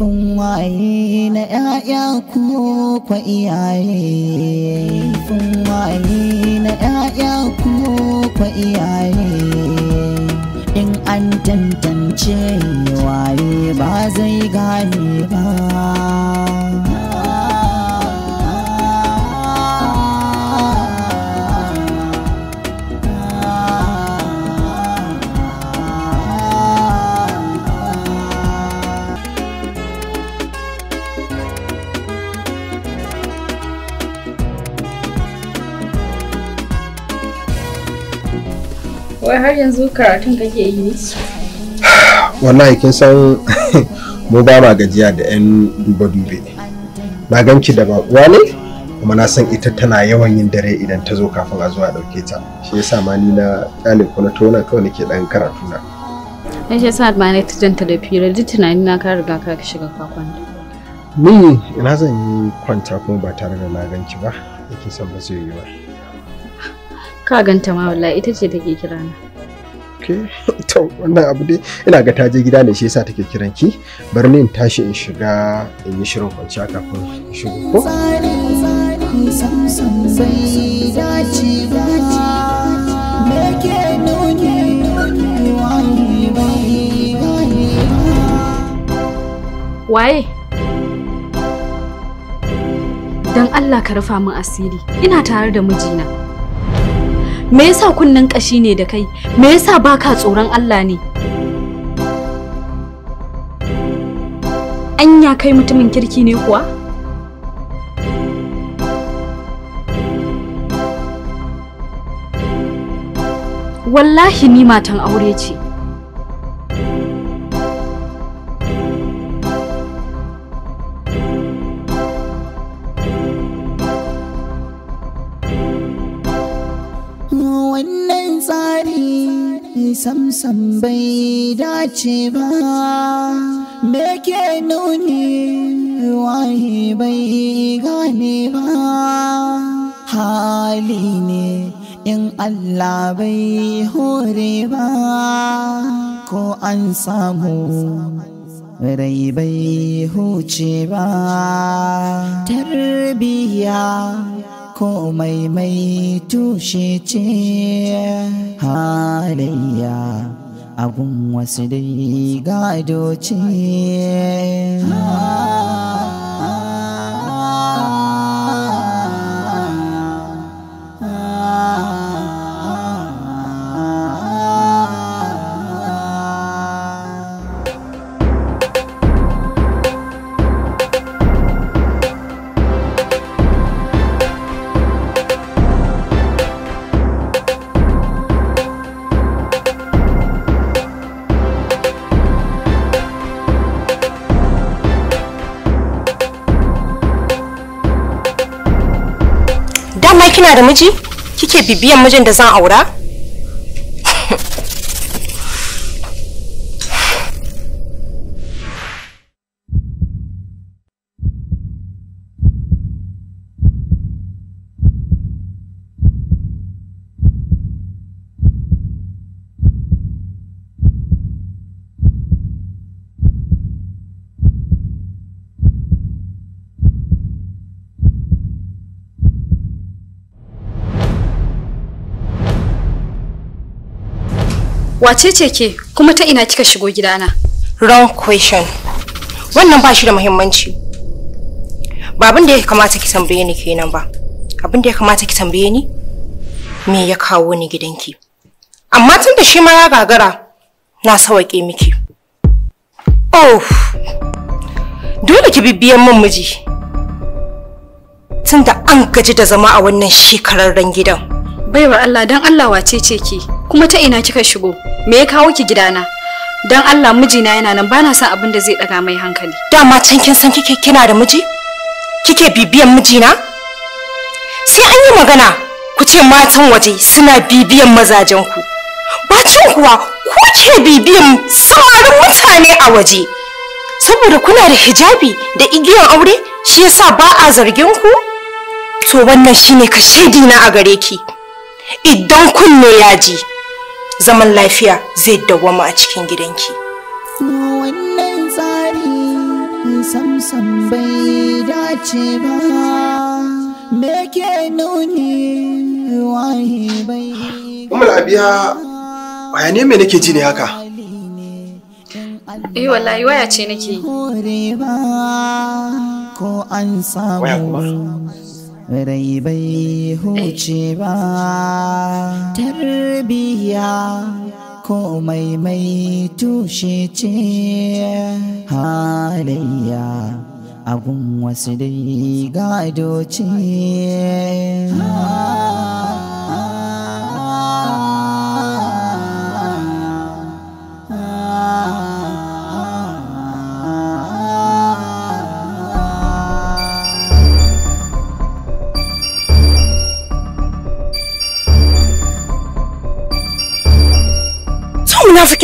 laifin waye na ‘ya'ya ku kwa iyaye laifin waye na ‘ya'ya ku kwa iyaye in an tantance waye ba zai gane ba Wai har yanzu karatun kake yi Wallahi kin san mu ba ma gajiya da 'yan duba dube Na ganki da uwa ne? kuma na san ita tana yawan yin dare idan ta zo kafin a zuwa dauke ta shi yasa ma ni na ƙyale na tona kawai nake ɗan karatu na. Dan shi yasa ma ta janta da fira duk tunani na ka riga ka shiga ka Ni ina zan yi kwanta kuma ba tare da na ganki ba yake san ba zai yi ba. ka ganta ma wallahi ita ce take kira na to wannan abu dai ina ga ta je gida ne shi yasa take kiran ki bari ni in tashi in shiga in yi shirin kwanciya kafin in shigo ko Waye? Don Allah ka rufa min asiri, ina tare da mijina. me yasa kunnen ƙashi ne da kai me yasa baka tsoron Allah ne anya kai mutumin kirki ne kuwa wallahi ni matan aure ce wannan tsari sam sam bai dace ba me ke nuni wahi bai gane ba hali ne in Allah bai hore ba ko an samu rai bai huce ba tarbiyya komai mai tushe ce halayya abun wasu dai gado ce miji kike bibiyan mijin da zan aura Wace ce ke kuma ta ina kika shigo gidana? Wrong question. Wannan ba shi da muhimmanci. Ba abin da ya kamata ki tambaye ni kenan ba. Abin da ya kamata ki tambaye ni me ya kawo ni gidanki. Amma tun da shi ma ya gagara na sawaƙe miki. Oh! Dole ki bibiyan min miji. Tun da an gaji da zama a wannan shekararren gidan. Baiwar Allah don Allah wace ce ki? kuma ta ina kika shigo me ya kawo ki gidana dan Allah mijina yana nan bana son abin da zai daga mai hankali dama can kin san kike kina da miji kike bibiyan mijina sai an yi magana ku ce matan waje suna bibiyan mazajen ku bacin kuwa ku ke bibiyan samarin mutane a waje saboda kuna da hijabi da igiyan aure shi yasa ba a zargin ku to wannan shine ka shaidina a gare ki idan kunne ya ji zaman lafiya zai dawwama a cikin gidanki. Wannan tsari samsam bai dace ba, me ke nuni wahi bai. Umar Abiya, bayane me nake ji ne haka? Eh wallahi waya ce nake yi. Waya kuma? rai bai huce ba tarbiya komai mai tushe ce halayya abun wasu dai gado ce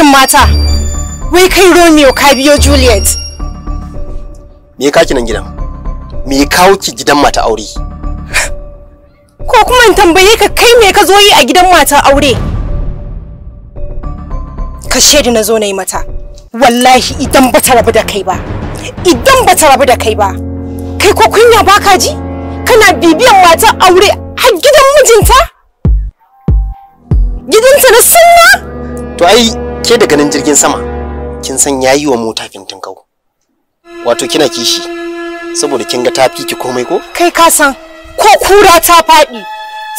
hakkin mata wai kai romeo ka biyo juliet me ya kaki nan gidan me ya kawo ki gidan mata aure ko kuma in tambaye ka kai me ka zo yi a gidan mata aure ka shaidi na zo na yi mata wallahi idan ba ta rabu da kai ba idan ba ta rabu da kai ba kai ko kunya ba ka ji kana bibiyan mata aure har gidan mijinta gidanta na sunna to ai ke da ganin jirgin sama kin san yayi wa mota fintin kau wato kina kishi saboda kin ga tafi ki komai ko kai ka san ko kura ta faɗi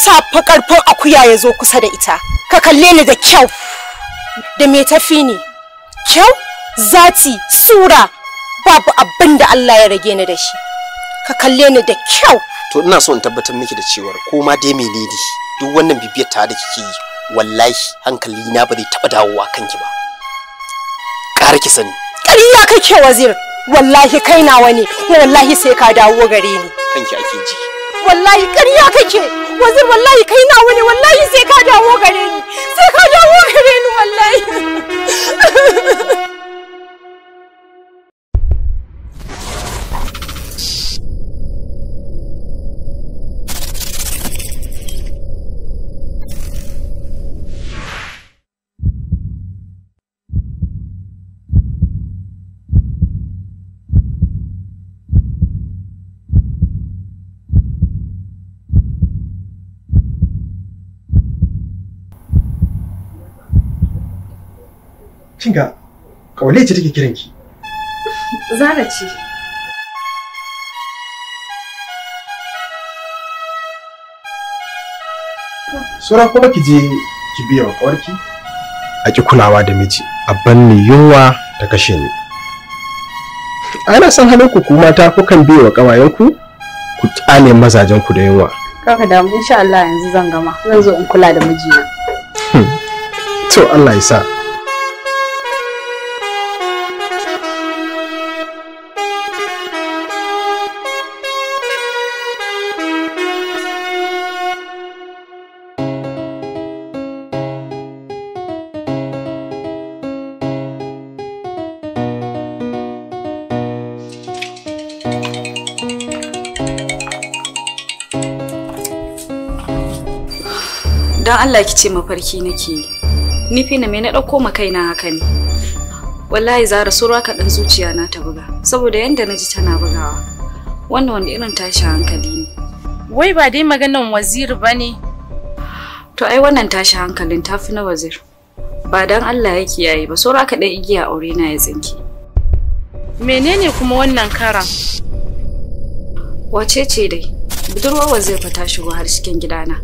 ta fa karfin akuya ya zo kusa da ita ka kalle ni da kyau da me tafi ni kyau zati sura babu abin da Allah ya rage ni da shi ka kalle ni da kyau to ina so in tabbatar miki da cewa ko ma dai menene duk wannan bibiyar ta da kike yi wallahi hankali na ba zai taɓa dawowa kanki ba ƙara ki sani ƙarya kake wazir wallahi kai nawa ne wallahi sai ka dawo gare ni kanki ake ji wallahi ƙarya kake wazir wallahi kai nawa ne wallahi sai ka dawo gare ni sai ka dawo gare ni wallahi kin ga kawale ce take kiran ki zara ce sura kuma ki je ki biya wa kawarki a ki kulawa da miji a ni yunwa ta kashe ni ana san halin ku kuma ta kukan biya wa kawayen ku tsane mazajen ku da yunwa kaka damu insha Allah yanzu zan gama zan zo in kula da mijina hmm. to Allah ya sa Allah ki ce mafarki nake yi. Ni fina me na ɗauko ma kaina haka ne. Wallahi zara sura ka zuciya na ta buga saboda yanda na ji tana bugawa. Wannan wani irin tashi hankali ne. Wai ba dai maganan wazir ba ne. To ai wannan tashi hankalin ta fi na wazir. Ba dan Allah ya kiyaye ba saura ka ɗan igiya aure na ya tsinki. Menene kuma wannan karan? Wace ce dai? Budurwar wazir fa ta shigo har cikin gidana.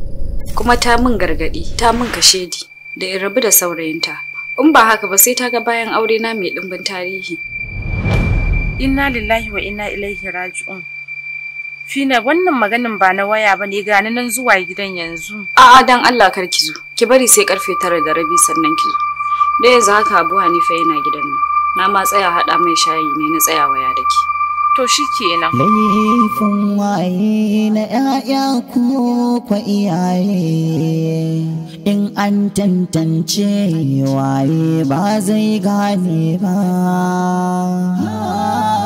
kuma ta min gargaɗi ta min kashedi da in rabu da saurayinta in ba haka ba sai ta ga bayan aure na mai ɗimbin tarihi inna lillahi wa inna ilaihi raji'un fina wannan maganin ba na waya ba ne gani nan zuwa gidan yanzu a'a dan Allah kar ki zo ki bari sai karfe tara da rabi sannan ki zo da yanzu haka Abu Hanifa yana gidan nan na ma tsaya haɗa mai shayi ne na tsaya waya da to shi kenan. Laifin waye na ‘ya'ya ko kwa iyaye, in an tantance waye ba zai gane ba.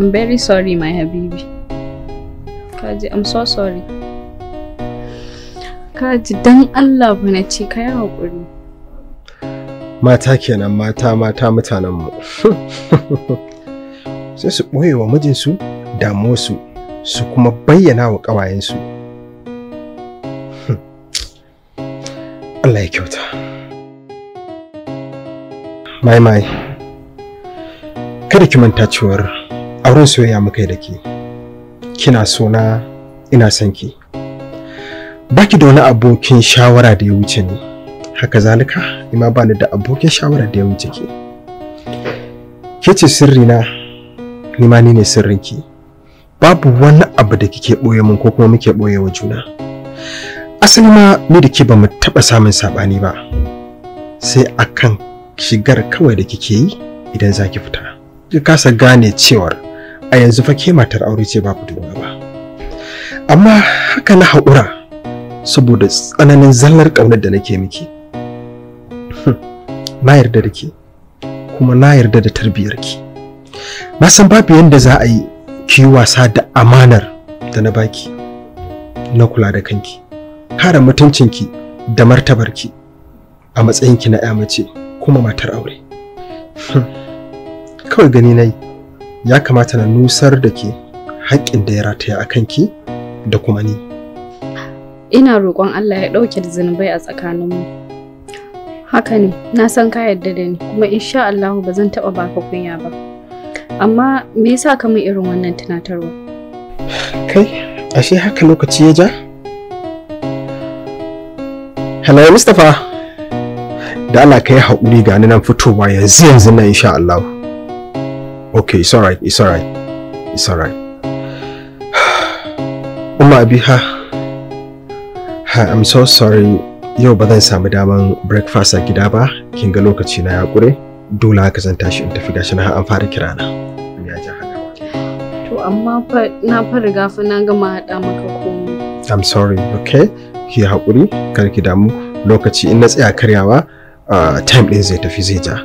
I'm very sorry, my Habibi. Kaji, I'm so sorry. Kaji, dan Allah ba na ce ka yi haƙuri. Mata kenan mata mata mutanenmu. Sai su ɓoye wa mijinsu damuwarsu su kuma bayyana wa ƙawayensu. Allah ya kyauta. Mai mai, kada ki manta cewar auren soyayya muka yi da ke kina so ina son ki baki da wani abokin shawara da ya wuce ni haka zalika ima ba ni da abokin shawara da ya wuce ki ke ce sirri na ni ni ne sirrin ki babu wani abu da kike boye mun ko kuma muke boye wa juna asali ma ni da ke ba mu taba samun saɓani ba sai akan shigar kawai da kike yi idan za ki fita ki kasa gane cewar a yanzu fa ke matar aure ce ba budurwa ba amma haka na haƙura saboda tsananin zallar ƙaunar da nake miki na yarda da ke kuma na yarda da tarbiyarki na san babu yadda za a yi ki wasa da amanar da na baki na kula da kanki mutuncin ki da martabarki a matsayinki na 'ya mace kuma matar aure kawai gani na yi ya kamata na nusar da ke haƙƙin da ya rataya a kanki da kuma ni. Ina roƙon Allah ya ɗauke da zunubai a tsakaninmu. Haka ne, na san ka yarda da ni kuma insha Allah ba zan taɓa baka kunya ba. Amma me yasa ka min irin wannan tunatarwa? Kai, ashe haka lokaci ya ja? Hello Mustapha. Da Allah ka yi haƙuri ga ni nan fitowa yanzu yanzu na insha Allah. Okay, it's all right. It's all right. It's all right. Umma Abiha, ha, I'm so sorry. Yau ba zan samu daman breakfast a gida ba, kin ga lokaci na ya kure. Dole haka zan tashi in tafi gashi na har an fara kira na. Ya ji haka. To amma fa na fa riga fa na gama haɗa maka komai. I'm sorry, okay? Ki haƙuri, kar ki damu. Lokaci in na tsaya karyawa, ah, time ɗin zai tafi zai ja.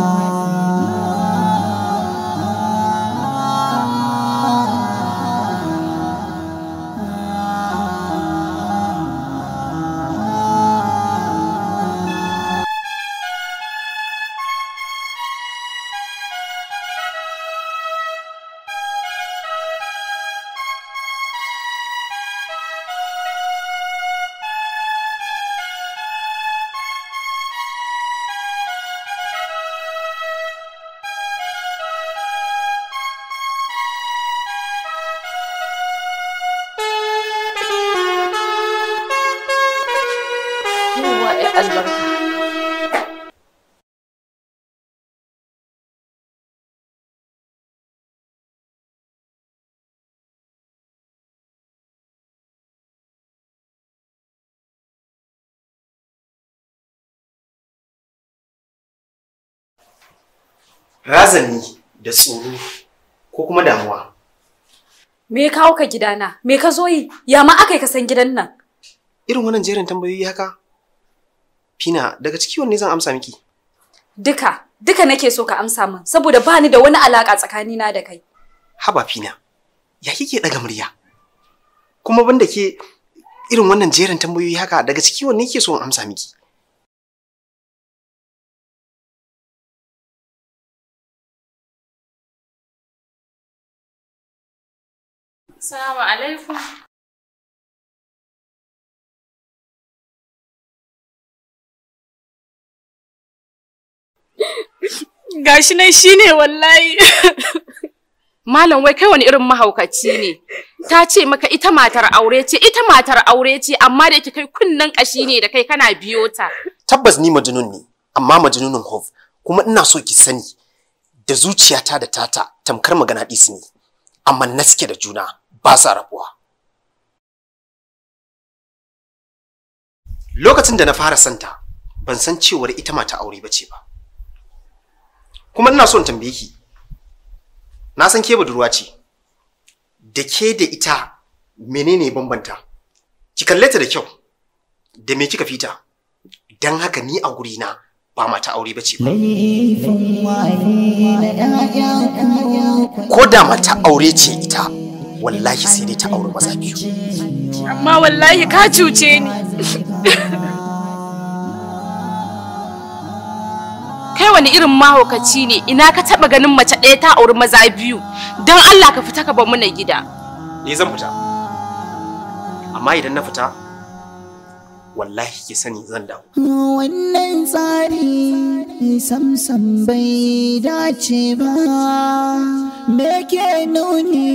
albarka razani da tsoro ko kuma damuwa. Me kawo gidana? Me ka zo yi? Ya ma aka ka san gidan nan? Irin wannan jerin tambayoyi haka Fina, daga ciki wanne zan amsa miki? Duka, duka nake so ka amsa min saboda ba ni da wani alaka tsakanina da kai. Haba Fina, ya kike daga murya? Kuma banda ke irin wannan jerin tambayoyi haka daga ciki wanne ke so in amsa miki? Assalamu alaikum. Gashi nan ne wallahi. Malam wai kai wani irin mahaukaci ne. Ta ce maka ita matar aure ce, ita matar aure ce, amma da yake kai kunnen ƙashi ne da kai kana biyo ta. Tabbas ni majinun ne, amma majinunin hof. Kuma ina so ki sani da zuciyata da tata tamkar magana ɗisi ne, amma na suke da juna ba sa rabuwa. Lokacin da na fara santa, ban san cewar ita mata aure bace ba. kuma ina son tambaye ki na san ke budurwa ce da ke da ita menene bambanta ki kalle ta da kyau da me kika fita dan haka ni a guri na ba mata aure bace ba ko da mata aure ce ita wallahi sai dai ta aure maza biyu amma wallahi ka cuce ni kai wani irin mahaukaci ne ina ka taba ganin mace ɗaya ta auri maza biyu don Allah ka fita ka bar mana gida ni zan fita amma idan na fita wallahi ki sani zan dawo wannan tsari samsam bai dace ba me ke nuni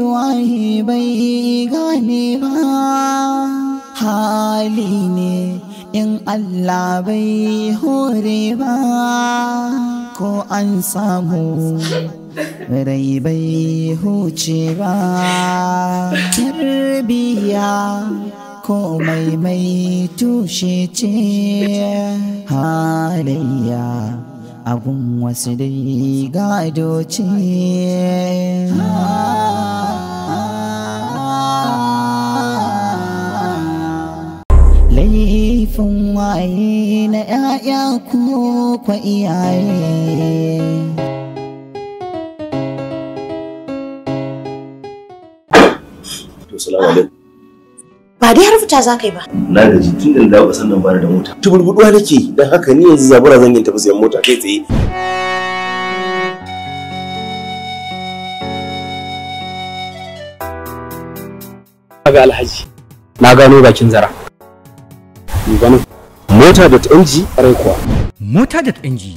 wahi bai gane ba hali ne in Allah bai hore ba ko an samu rai bai huce ba tarbiyya komai mai tushe ce halayya abun wasu dai gado ce waye na ‘ya'ya ku kwa iyaye. Ba dai har fita za ka yi ba. Na gaji jikin da dawo ƙasar nan bani da mota. Tuburbuɗuwa nake don haka ni yanzu zabura zan yi tafi sayan mota kai tsaye. Ga alhaji. Na gano bakin zara. Gano. mota.ng rai mota.ng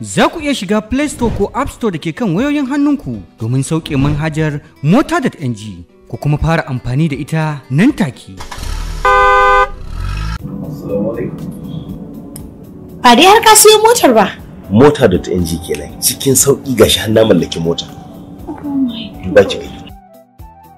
Za ku iya shiga Play Store ko App Store da ke kan wayoyin hannunku domin sauƙe manhajar mota.ng ko kuma fara amfani da ita nan take. Ba dai har ka siyo motar ba. Mota.ng kenan cikin sauƙi gashi har na mallaki mota. Oh ba ki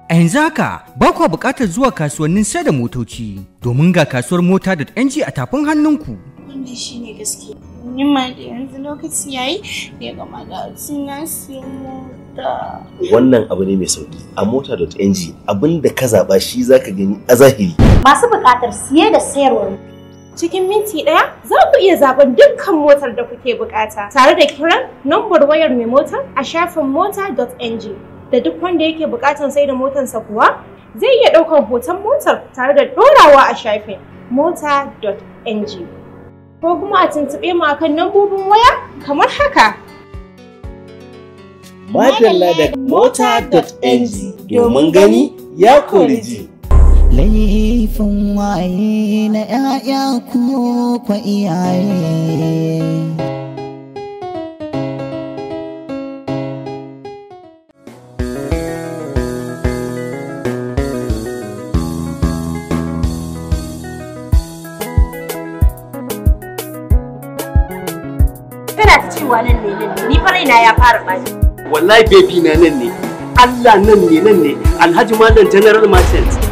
A yanzu haka ba kwa buƙatar zuwa kasuwannin sai da motoci domin ga kasuwar mota da NG a tafin hannunku. Wannan shi ne gaske. Nima da yanzu lokaci yi da ya kamata a na mota. Wannan abu ne mai sauki. A mota.ng abin da ka zaɓa shi za ka gani a zahiri. Masu buƙatar siye da sayarwar cikin minti ɗaya za ku iya zaɓen dukkan motar da kuke buƙata, tare da kiran nambar wayar mai motar a shafin mota.ng. da duk wanda yake buƙatar sai da motarsa kuwa zai iya ɗaukar hoton motar tare da ɗorawa a shafin mota.ng ko kuma a tuntuɓe mu akan nambobin waya kamar haka. Madalla da mota.ng domin gani ya kori ji. Laifin waye na ‘ya'ya ko kwa iyaye. raina ya fara bani wallahi baby na nan ne Allah nan ne nan ne Alhaji Malam General Merchant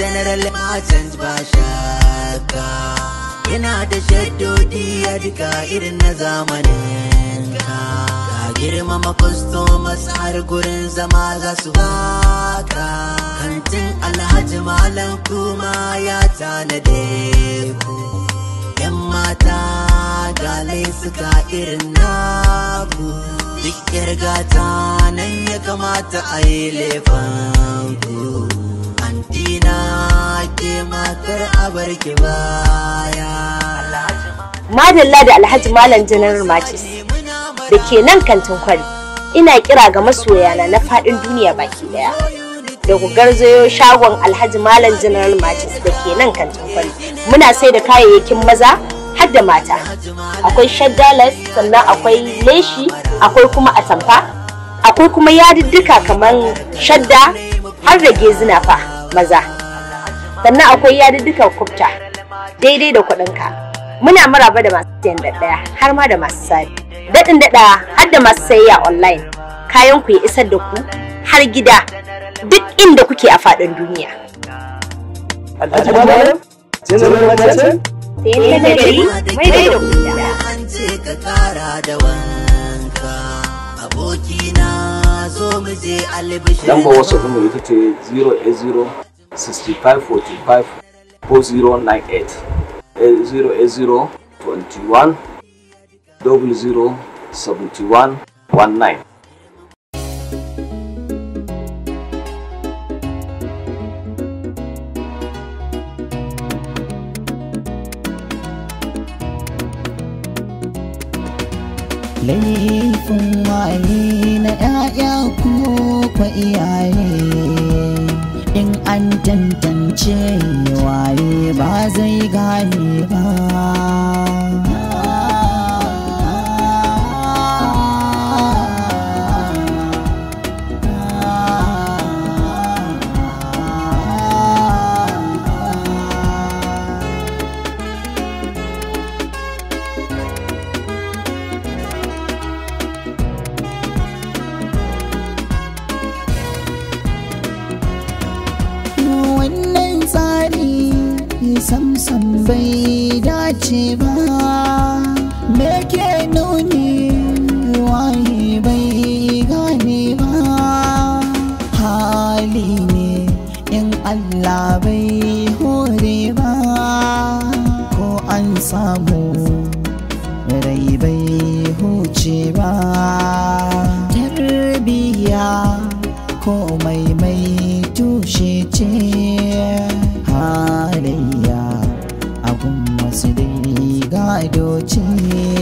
general merchant ba shakka yana da shaddodi ya duka irin na zamanin ka ka girmama customers har gurin zama za su baka kantin alhaji malam kuma ya tanade ku yan mata galai suka irin naku duk yar gata nan ya kamata a yi ku madalla da alhaji malam janar macis da ke nan kantin kwari ina kira ga masoyana na faɗin duniya baki daya da ku garzayo shagon alhaji malam janar macis da ke nan kantin kwari muna sai da kayayyakin maza har da mata akwai shaddalas sannan akwai leshi akwai kuma atamfa akwai kuma yadudduka kamar shadda har da gezina fa maza sannan akwai yaduddukan kubta daidai da kuɗinka muna maraba da masu sayan daɗaya har ma da masu sari daɗin daɗa har da masu sayayya online kayan ku ya isar da ku har gida duk inda kuke a faɗin duniya. Alhaji Malam, jinin abokina. Lambar wasu kuma ita ce 080 6545 4098 080 21 00 19 laifin waye na ‘ya'ya ko kwa iyaye in an tantance waye ba zai gane ba komai mai tushe ce halayya abun masu dai gado ce